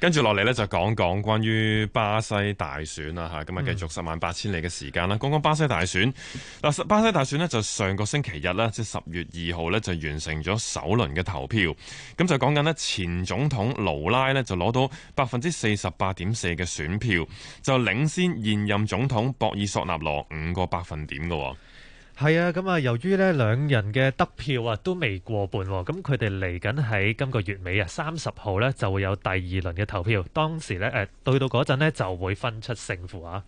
跟住落嚟咧，就講講關於巴西大選啦嚇，今日繼續十萬八千里嘅時間啦。講講巴西大選，嗱巴西大選呢，就上個星期日啦，即係十月二號呢，就完成咗首輪嘅投票。咁就講緊呢，前總統盧拉呢，就攞到百分之四十八點四嘅選票，就領先現任總統博爾索納羅五個百分點㗎喎。係啊，咁啊，由於咧兩人嘅得票啊都未過半，咁佢哋嚟緊喺今個月尾啊三十號咧就會有第二輪嘅投票，當時咧誒對到嗰陣咧就會分出勝負啊。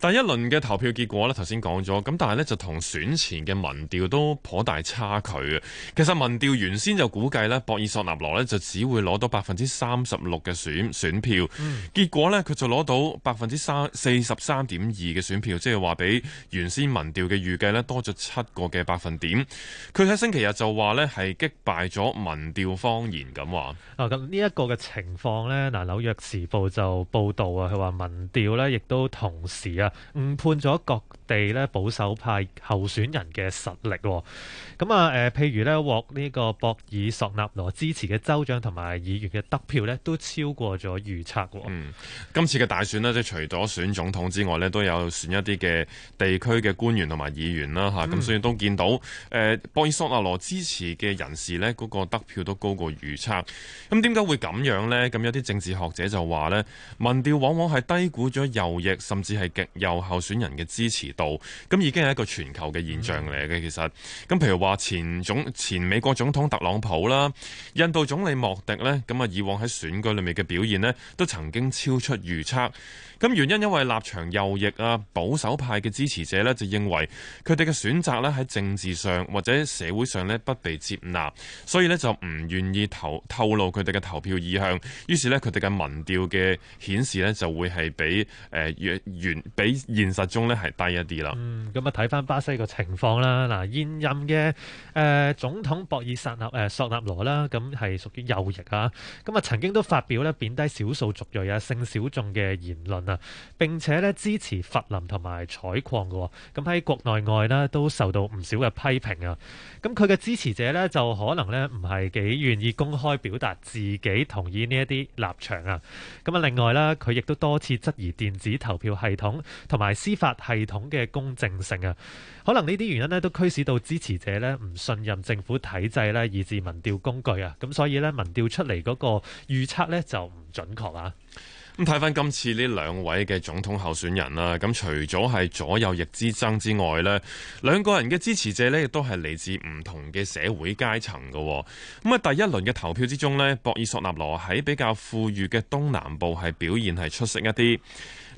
第一輪嘅投票結果呢，頭先講咗，咁但係呢，就同選前嘅民調都頗大差距啊。其實民調原先就估計呢，博爾索納羅呢，就只會攞到百分之三十六嘅選選票，嗯、結果呢，佢就攞到百分之三四十三點二嘅選票，即係話比原先民調嘅預計呢多咗七個嘅百分點。佢喺星期日就話呢，係擊敗咗民調謊言咁話。啊，咁呢一個嘅情況呢，嗱，《紐約時報》就報導啊，佢話民調呢，亦都同時啊。誤判咗個角。地咧保守派候選人嘅實力，咁啊誒，譬如咧獲呢個博爾索納羅支持嘅州長同埋議員嘅得票呢，都超過咗預測。嗯，今次嘅大選呢，即係除咗選總統之外呢，都有選一啲嘅地區嘅官員同埋議員啦，嚇、嗯。咁所以都見到誒、呃、博爾索納羅支持嘅人士呢，嗰、嗰個得票都高過預測。咁點解會咁樣呢？咁有啲政治學者就話呢，民調往往係低估咗右翼甚至係極右候選人嘅支持。度咁已經係一個全球嘅現象嚟嘅，其實，咁譬如話前總前美國總統特朗普啦，印度總理莫迪咧，咁啊以往喺選舉裏面嘅表現咧，都曾經超出預測。咁原因因為立場右翼啊，保守派嘅支持者咧，就認為佢哋嘅選擇咧喺政治上或者社會上咧不被接納，所以咧就唔願意投透露佢哋嘅投票意向。於是咧佢哋嘅民調嘅顯示咧就會係比誒、呃、原比現實中咧係低一。嗯，咁啊睇翻巴西個情況啦，嗱現任嘅誒、呃、總統博爾薩納誒索納羅啦，咁係屬於右翼啊，咁、嗯、啊、嗯、曾經都發表咧貶低少數族裔啊、性小眾嘅言論啊，並且咧支持伐林同埋採礦噶，咁、嗯、喺國內外呢都受到唔少嘅批評啊，咁佢嘅支持者咧就可能咧唔係幾願意公開表達自己同意呢一啲立場啊，咁、嗯、啊、嗯、另外啦，佢亦都多次質疑電子投票系統同埋司法系統嘅嘅公正性啊，可能呢啲原因咧都驅使到支持者咧唔信任政府體制咧，以致民調工具啊，咁所以咧民調出嚟嗰個預測咧就唔準確啊。咁睇翻今次呢兩位嘅總統候選人啦，咁除咗係左右翼之爭之外呢，兩個人嘅支持者呢亦都係嚟自唔同嘅社會階層嘅。咁啊，第一輪嘅投票之中呢，博爾索納羅喺比較富裕嘅東南部係表現係出色一啲。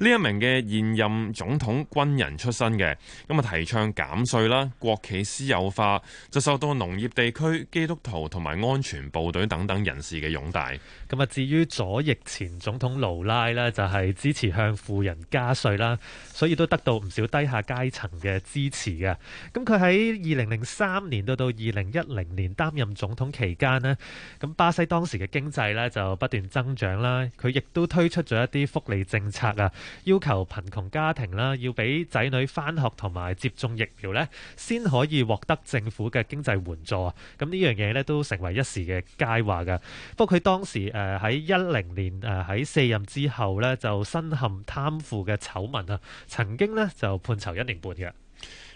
呢一名嘅現任總統，軍人出身嘅，咁啊提倡減稅啦、國企私有化，就受到農業地區、基督徒同埋安全部隊等等人士嘅擁戴。咁啊，至於左翼前總統盧。拉咧就係支持向富人加稅啦，所以都得到唔少低下階層嘅支持嘅。咁佢喺二零零三年到到二零一零年擔任總統期間呢，咁巴西當時嘅經濟咧就不斷增長啦。佢亦都推出咗一啲福利政策啊，要求貧窮家庭啦要俾仔女翻學同埋接種疫苗咧，先可以獲得政府嘅經濟援助。啊，咁呢樣嘢咧都成為一時嘅佳話噶，不過佢當時誒喺一零年誒喺卸任之。之後咧就身陷貪腐嘅醜聞啊，曾經咧就判囚一年半嘅。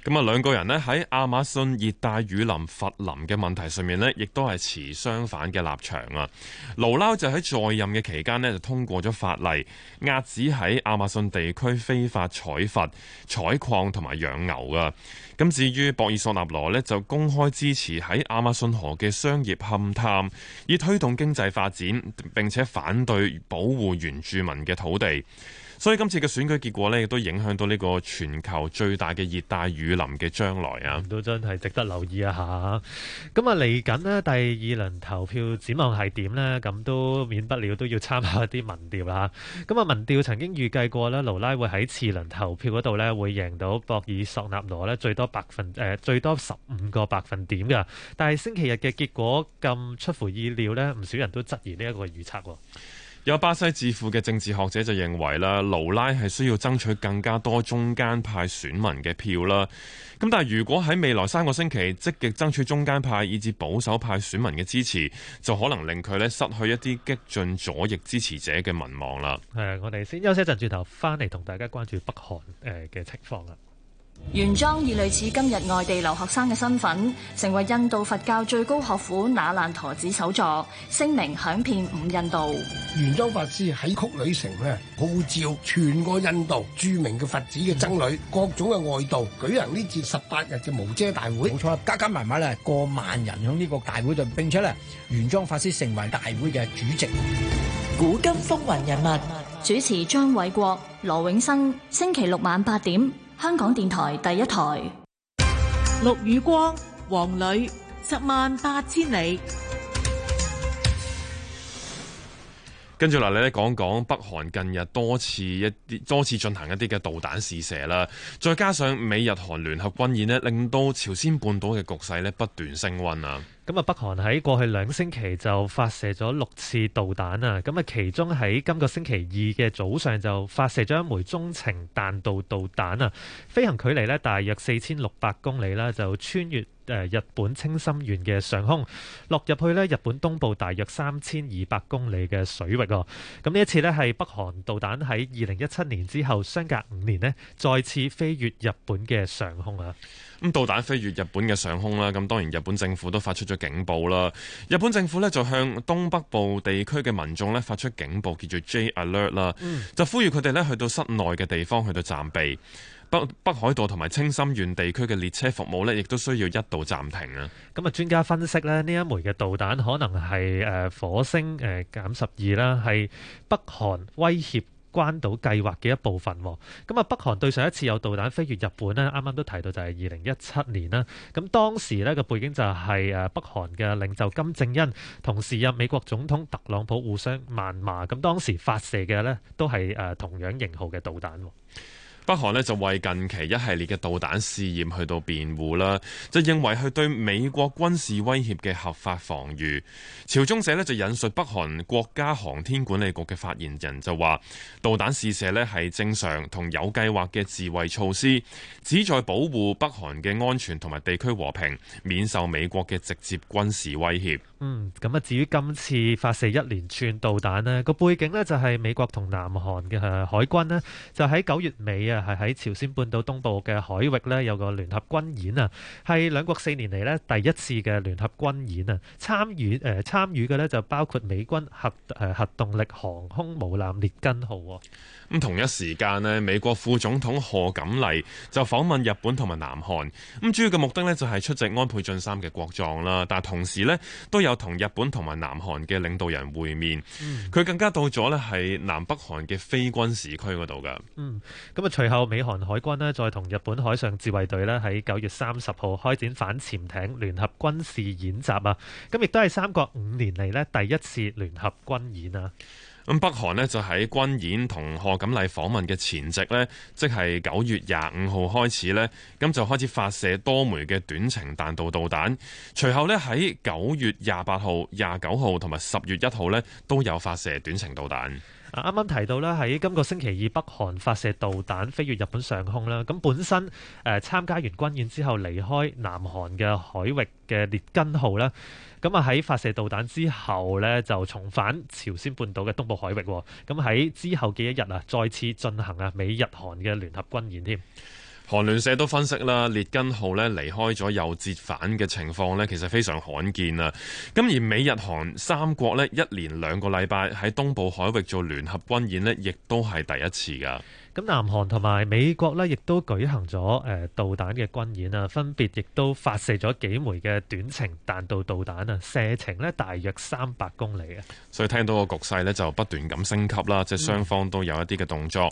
咁啊，兩個人咧喺亞馬遜熱帶雨林伐林嘅問題上面咧，亦都係持相反嘅立場啊。盧拉就喺在，在任嘅期間咧，就通過咗法例，遏止喺亞馬遜地區非法採伐、採礦同埋養牛噶。咁至於博爾索納羅呢，就公開支持喺亞馬遜河嘅商業勘探，以推動經濟發展，並且反對保護原住民嘅土地。所以今次嘅選舉結果呢，亦都影響到呢個全球最大嘅熱帶雨林嘅將來啊！都真係值得留意一下。咁啊，嚟緊呢，第二輪投票展望係點呢？咁都免不了都要參考一啲民調啦。咁啊，民調曾經預計過呢，盧拉會喺次輪投票嗰度呢，會贏到博爾索納羅呢，最多百分誒、呃、最多十五個百分點㗎。但係星期日嘅結果咁出乎意料呢，唔少人都質疑呢一個預測，哦。有巴西智庫嘅政治學者就認為啦，盧拉係需要爭取更加多中間派選民嘅票啦。咁但係如果喺未來三個星期積極爭取中間派以至保守派選民嘅支持，就可能令佢咧失去一啲激進左翼支持者嘅民望啦。誒，我哋先休息一陣，轉頭翻嚟同大家關注北韓誒嘅情況啦。原裝以類似今日外地留學生嘅身份，成為印度佛教最高學府那爛陀寺首座，聲名響遍五印度。原裝法師喺曲里城咧，號召全個印度著名嘅佛子嘅僧侶，各種嘅外道舉行呢次十八日嘅無遮大會。冇錯，加加埋埋咧，過萬人響呢個大會度，並且咧，原裝法師成為大會嘅主席。古今風雲人物主持：張偉國、羅永生。星期六晚八點。香港電台第一台，陸宇光、黃磊，十萬八千里。跟住落嚟咧，講講北韓近日多次一啲多次進行一啲嘅導彈試射啦，再加上美日韓聯合軍演咧，令到朝鮮半島嘅局勢咧不斷升温啊！咁啊，北韓喺過去兩星期就發射咗六次導彈啊！咁啊，其中喺今個星期二嘅早上就發射咗一枚中程彈道導彈啊，飛行距離咧大約四千六百公里啦，就穿越誒、呃、日本青森縣嘅上空，落入去咧日本東部大約三千二百公里嘅水域。咁、啊、呢一次咧係北韓導彈喺二零一七年之後相隔五年咧再次飛越日本嘅上空啊！咁導彈飛越日本嘅上空啦，咁當然日本政府都發出咗警報啦。日本政府呢，就向東北部地區嘅民眾呢，發出警報，叫做「J Alert」啦，嗯，就呼籲佢哋呢去到室內嘅地方去到暫避。北北海道同埋青森縣地區嘅列車服務呢，亦都需要一度暫停啊。咁啊，專家分析呢，呢一枚嘅導彈可能係誒火星誒減十二啦，係北韓威脅關島計劃嘅一部分喎，咁啊，北韓對上一次有導彈飛越日本呢，啱啱都提到就係二零一七年啦，咁當時呢個背景就係誒北韓嘅領袖金正恩同時任美國總統特朗普互相謾罵，咁當時發射嘅呢都係誒同樣型號嘅導彈。北韓咧就為近期一系列嘅導彈試驗去到辯護啦，就認為佢對美國軍事威脅嘅合法防禦。朝中社咧就引述北韓國家航天管理局嘅發言人就話：導彈試射咧係正常同有計劃嘅自衛措施，旨在保護北韓嘅安全同埋地區和平，免受美國嘅直接軍事威脅。嗯，咁啊，至於今次發射一連串導彈咧，個背景咧就係美國同南韓嘅海軍咧，就喺九月尾啊。係喺朝鮮半島東部嘅海域呢有個聯合軍演啊，係兩國四年嚟咧第一次嘅聯合軍演啊。參與誒、呃、參與嘅呢就包括美軍核誒、呃、核動力航空母艦列根號。咁同一時間呢，美國副總統賀錦麗就訪問日本同埋南韓。咁主要嘅目的呢就係出席安倍晉三嘅國葬啦。但同時呢，都有同日本同埋南韓嘅領導人會面。佢、嗯、更加到咗呢係南北韓嘅非軍事區嗰度噶。嗯，咁啊隨後，美韓海軍咧再同日本海上自衛隊咧喺九月三十號開展反潛艇聯合軍事演習啊！咁亦都係三國五年嚟咧第一次聯合軍演啊！咁北韓咧就喺軍演同賀錦麗訪問嘅前夕咧，即係九月廿五號開始咧，咁就開始發射多枚嘅短程彈道導彈。隨後咧喺九月廿八號、廿九號同埋十月一號咧都有發射短程導彈。啱啱提到啦，喺今個星期二北韓發射導彈飛越日本上空啦。咁本身誒參加完軍演之後離開南韓嘅海域嘅列根號啦，咁啊喺發射導彈之後呢，就重返朝鮮半島嘅東部海域。咁喺之後嘅一日啊，再次進行啊美日韓嘅聯合軍演添。韓聯社都分析啦，列根號呢離開咗又折返嘅情況呢，其實非常罕見啊！咁而美日韓三國呢，一連兩個禮拜喺東部海域做聯合軍演呢，亦都係第一次㗎。咁南韓同埋美國呢，亦都舉行咗誒導彈嘅軍演啊，分別亦都發射咗幾枚嘅短程彈道導彈啊，射程呢，大約三百公里啊。所以聽到個局勢呢，就不斷咁升級啦，即係雙方都有一啲嘅動作。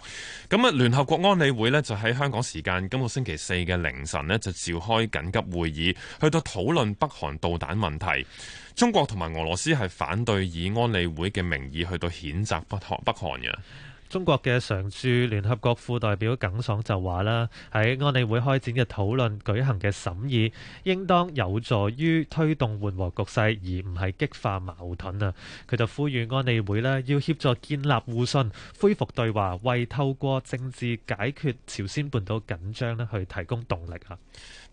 咁啊、嗯，聯合國安理會呢，就喺香港時間今個星期四嘅凌晨呢，就召開緊急會議，去到討論北韓導彈問題。中國同埋俄羅斯係反對以安理會嘅名義去到譴責北韓北韓嘅。中國嘅常駐聯合國副代表耿爽就話啦：喺安理會開展嘅討論、舉行嘅審議，應當有助於推動緩和局勢，而唔係激化矛盾啊！佢就呼籲安理會呢，要協助建立互信、恢復對話，為透過政治解決朝鮮半島緊張呢，去提供動力啊！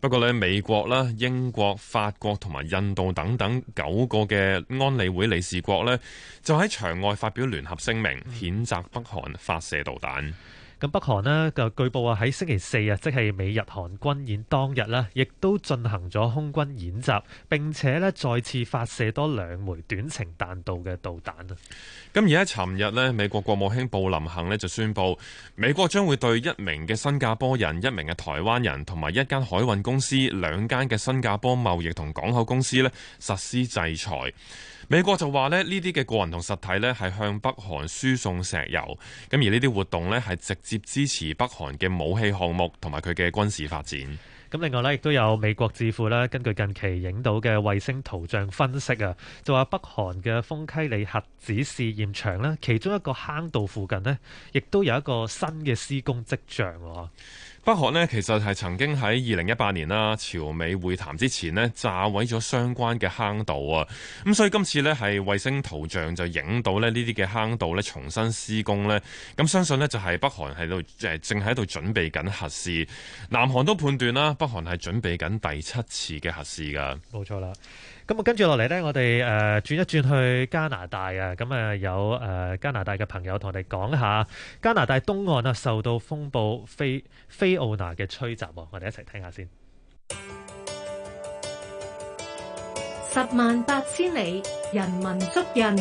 不過咧，美國啦、英國、法國同埋印度等等九個嘅安理會理事國呢，就喺場外發表聯合聲明，譴責北韓發射導彈。咁北韓呢就據報啊喺星期四啊，即係美日韓軍演當日啦，亦都進行咗空軍演習，並且呢再次發射多兩枚短程彈道嘅導彈啊。咁而喺尋日呢，美國國務卿布林肯呢就宣布，美國將會對一名嘅新加坡人、一名嘅台灣人同埋一間海運公司、兩間嘅新加坡貿易同港口公司呢實施制裁。美國就話咧，呢啲嘅個人同實體呢係向北韓輸送石油，咁而呢啲活動呢係直接支持北韓嘅武器項目同埋佢嘅軍事發展。咁另外呢，亦都有美國智庫咧，根據近期影到嘅衛星圖像分析啊，就話北韓嘅豐溪里核子試驗場呢，其中一個坑道附近呢，亦都有一個新嘅施工跡象喎。北韓呢，其實係曾經喺二零一八年啦，朝美會談之前呢炸毀咗相關嘅坑道啊，咁所以今次呢係衛星圖像就影到呢呢啲嘅坑道呢重新施工呢。咁相信呢就係北韓喺度誒正喺度準備緊核試，南韓都判斷啦，北韓係準備緊第七次嘅核試㗎，冇錯啦。咁啊，跟住落嚟呢，我哋誒、呃、轉一轉去加拿大啊，咁、嗯、啊有誒、呃、加拿大嘅朋友同我哋講下加拿大東岸啊受到風暴菲菲奧娜嘅吹襲，我哋一齊聽一下先。十萬八千里，人文足印。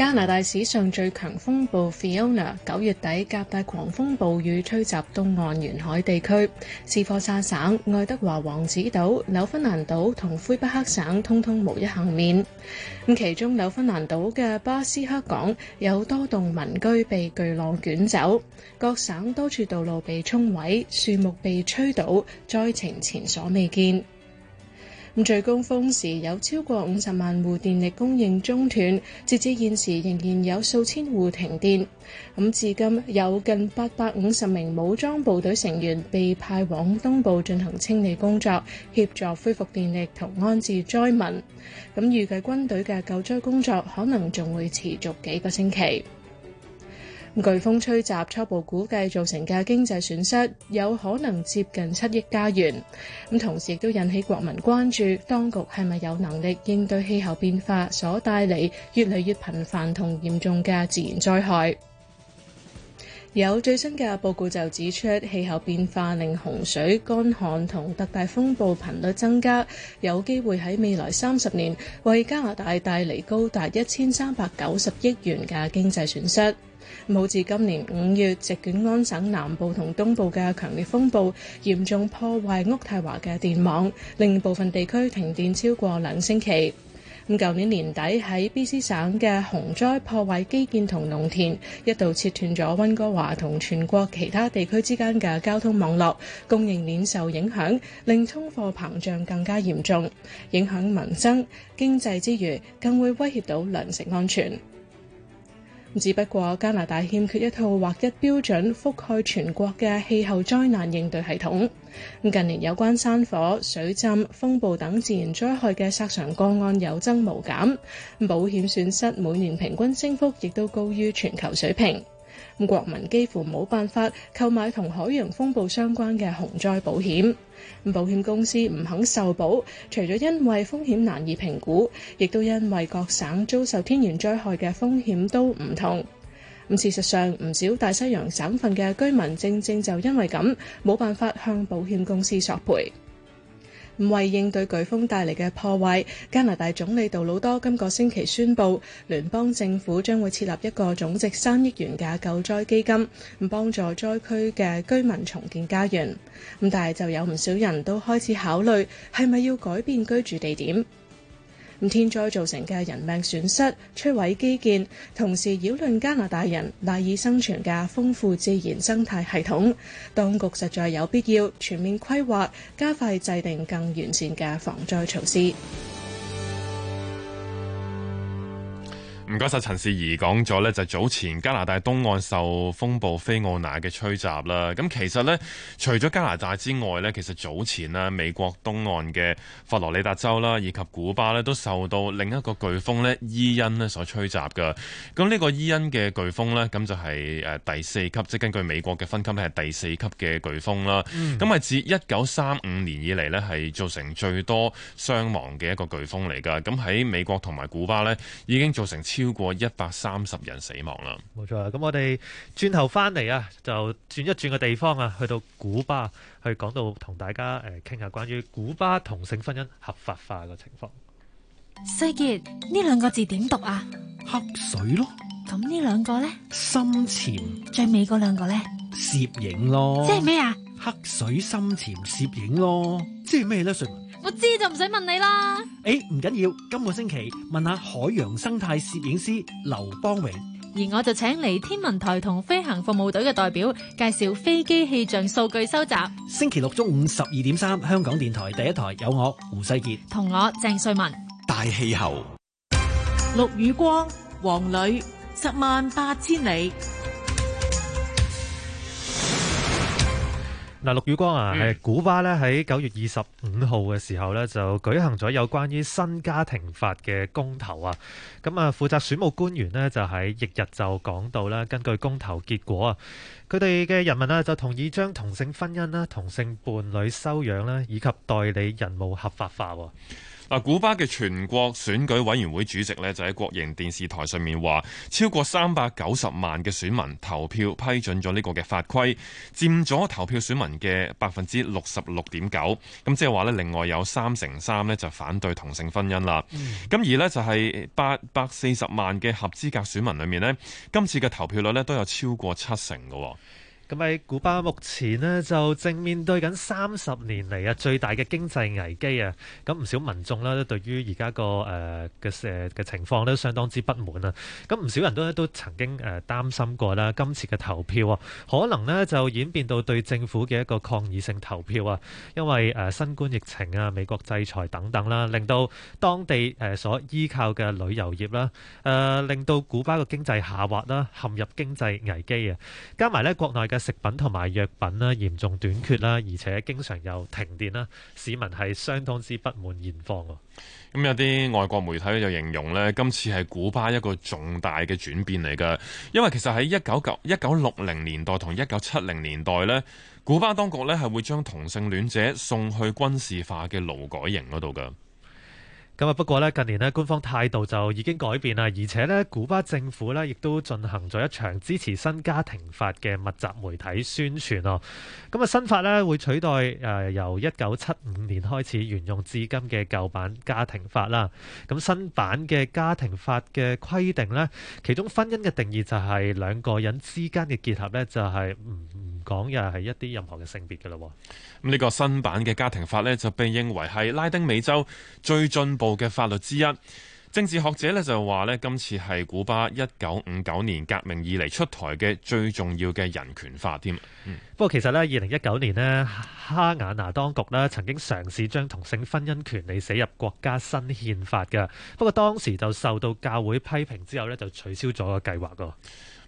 加拿大史上最強風暴 Fiona 九月底夾帶狂風暴雨吹襲東岸沿海地區，斯科沙省、愛德華王子島、紐芬蘭島同魁北克省通通無一幸免。其中紐芬蘭島嘅巴斯克港有多棟民居被巨浪捲走，各省多處道路被沖毀，樹木被吹倒，災情前所未見。咁最高峰時有超過五十萬戶電力供應中斷，截至現時仍然有數千戶停電。咁至今有近八百五十名武裝部隊成員被派往東部進行清理工作，協助恢復電力同安置災民。咁預計軍隊嘅救災工作可能仲會持續幾個星期。颶風吹襲，初步估計造成嘅經濟損失有可能接近七億加元，咁同時亦都引起國民關注，當局係咪有能力應對氣候變化所帶嚟越嚟越頻繁同嚴重嘅自然災害？有最新嘅報告就指出，氣候變化令洪水、乾旱同特大風暴頻率增加，有機會喺未來三十年為加拿大帶嚟高達一千三百九十億元嘅經濟損失。冇至今年五月，席捲安省南部同東部嘅強烈風暴嚴重破壞渥太華嘅電網，令部分地區停電超過兩星期。咁舊年年底喺 BC 省嘅洪災破壞基建同農田，一度切斷咗溫哥華同全國其他地區之間嘅交通網絡，供應鏈受影響，令通貨膨脹更加嚴重，影響民生經濟之餘，更會威脅到糧食安全。只不過加拿大欠缺一套劃一標準覆蓋全國嘅氣候災難應對系統。近年有關山火、水浸、風暴等自然災害嘅殺傷個案有增無減，保險損失每年平均升幅亦都高於全球水平。咁國民幾乎冇辦法購買同海洋風暴相關嘅洪災保險，保險公司唔肯受保，除咗因為風險難以評估，亦都因為各省遭受天然災害嘅風險都唔同。咁事實上，唔少大西洋省份嘅居民正正就因為咁，冇辦法向保險公司索賠。為應對颶風帶嚟嘅破壞，加拿大總理杜魯多今個星期宣布，聯邦政府將會設立一個總值三億元嘅救災基金，唔幫助災區嘅居民重建家園。咁但係就有唔少人都開始考慮，係咪要改變居住地點？咁天災造成嘅人命損失、摧毀基建，同時擾亂加拿大人賴以生存嘅豐富自然生態系統，當局實在有必要全面規劃，加快制定更完善嘅防災措施。唔該晒陳善宜講咗咧，就係，早前加拿大東岸受風暴菲奧娜嘅吹襲啦。咁其實咧，除咗加拿大之外咧，其實早前咧美國東岸嘅佛羅里達州啦，以及古巴咧，都受到另一個颶風咧伊恩咧所吹襲噶。咁，這，呢個伊恩嘅颶風咧，咁就係誒第四級，即係根據美國嘅分級咧係第四級嘅颶風啦。咁啊，嗯、自一九三五年以嚟咧係造成最多傷亡嘅一個颶風嚟噶。咁喺美國同埋古巴咧已經造成千超過一百三十人死亡啦，冇錯啦。咁我哋轉頭翻嚟啊，就轉一轉個地方啊，去到古巴去講到同大家誒，傾下關於古巴同性婚姻合法化嘅情況。細杰，呢兩個字點讀啊？黑水咯。咁呢兩個咧？深潛。最尾嗰兩個咧？攝影咯。即係咩啊？黑水深潛攝影咯。即係咩咧？我知就唔使問你啦。誒、欸，唔緊要，今個星期問下海洋生態攝影師劉邦榮，而我就請嚟天文台同飛行服務隊嘅代表介紹飛機氣象數據收集。星期六中午十二點三，3, 香港電台第一台有我胡世杰同我鄭瑞文大氣候。陸宇光，黃磊十萬八千里。嗱，陸宇光啊，係古巴咧喺九月二十五號嘅時候咧，就舉行咗有關於新家庭法嘅公投啊。咁啊，負責選務官員咧就喺翌日就講到咧，根據公投結果啊，佢哋嘅人民啊就同意將同性婚姻啦、同性伴侶收養啦以及代理人務合法化。嗱，古巴嘅全國選舉委員會主席咧就喺國營電視台上面話，超過三百九十萬嘅選民投票批准咗呢個嘅法規，佔咗投票選民嘅百分之六十六點九。咁即係話咧，另外有三成三咧就反對同性婚姻啦。咁、嗯、而呢，就係八百四十萬嘅合資格選民裏面呢，今次嘅投票率咧都有超過七成㗎。咁喺古巴目前咧就正面對緊三十年嚟啊最大嘅經濟危機啊！咁唔少民眾咧都對於而家個誒嘅誒嘅情況咧都相當之不滿啊！咁唔少人都咧都曾經誒擔心過啦，今次嘅投票啊，可能咧就演變到對政府嘅一個抗議性投票啊！因為誒新冠疫情啊、美國制裁等等啦，令到當地誒所依靠嘅旅遊業啦，誒令到古巴嘅經濟下滑啦，陷入經濟危機啊！加埋咧國內嘅。食品同埋藥品啦，嚴重短缺啦，而且經常有停電啦，市民係相當之不滿現況。咁、嗯、有啲外國媒體就形容呢，今次係古巴一個重大嘅轉變嚟㗎，因為其實喺一九九一九六零年代同一九七零年代呢，古巴當局呢係會將同性戀者送去軍事化嘅勞改營嗰度㗎。咁啊，不過咧，近年咧，官方態度就已經改變啦，而且咧，古巴政府咧亦都進行咗一場支持新家庭法嘅密集媒體宣傳咯，咁啊，新法咧會取代誒由一九七五年開始沿用至今嘅舊版家庭法啦。咁新版嘅家庭法嘅規定咧，其中婚姻嘅定義就係兩個人之間嘅結合咧，就係唔唔講又係一啲任何嘅性別嘅咯。咁呢個新版嘅家庭法咧就被認為係拉丁美洲最進步，嘅法律之一，政治學者咧就話呢，今次係古巴一九五九年革命以嚟出台嘅最重要嘅人權法添。嗯，不過其實呢，二零一九年呢，哈瓦那當局呢曾經嘗試將同性婚姻權利寫入國家新憲法㗎，不過當時就受到教會批評之後呢，就取消咗個計劃喎。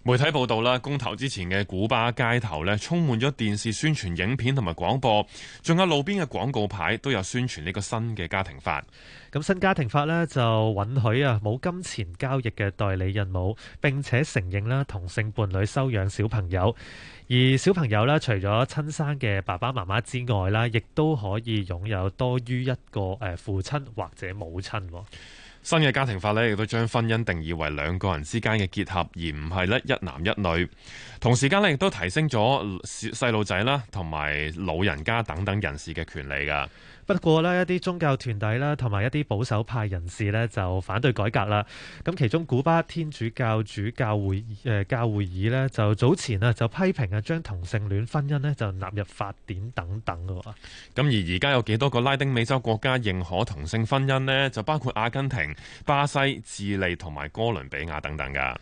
媒體報道啦，公投之前嘅古巴街頭咧，充滿咗電視宣傳影片同埋廣播，仲有路邊嘅廣告牌都有宣傳呢個新嘅家庭法。咁新家庭法呢，就允許啊冇金錢交易嘅代理孕母，並且承認啦同性伴侶收養小朋友，而小朋友呢，除咗親生嘅爸爸媽媽之外啦，亦都可以擁有多於一個誒父親或者母親。新嘅家庭法咧，亦都將婚姻定義為兩個人之間嘅結合，而唔係咧一男一女。同時間咧，亦都提升咗細路仔啦，同埋老人家等等人士嘅權利㗎。不過呢一啲宗教團體啦，同埋一啲保守派人士咧，就反對改革啦。咁其中古巴天主教主教會誒、呃、教會議咧，就早前咧就批評啊，將同性戀婚姻咧就納入法典等等嘅。咁而而家有幾多個拉丁美洲國家認可同性婚姻呢？就包括阿根廷、巴西、智利同埋哥倫比亞等等嘅。